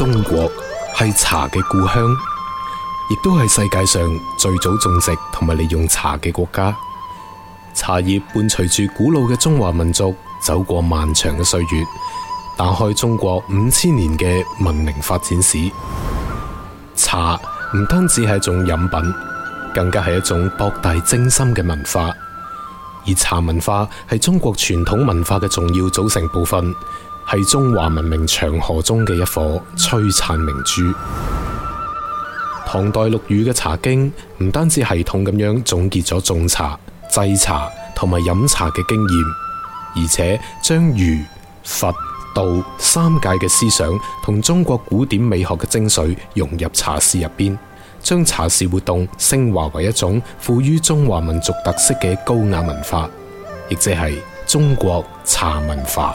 中國係茶嘅故鄉，亦都係世界上最早種植同埋利用茶嘅國家。茶葉伴隨住古老嘅中華民族走過漫長嘅歲月，打開中國五千年嘅文明發展史。茶唔單止係一種飲品，更加係一種博大精深嘅文化。而茶文化係中國傳統文化嘅重要組成部分。係中華文明長河中嘅一顆璀璨明珠。唐代陸羽嘅《茶經》唔單止系統咁樣總結咗種茶、製茶同埋飲茶嘅經驗，而且將儒、佛、道三界嘅思想同中國古典美學嘅精髓融入茶事入邊，將茶事活動升華為一種富於中華民族特色嘅高雅文化，亦即係中國茶文化。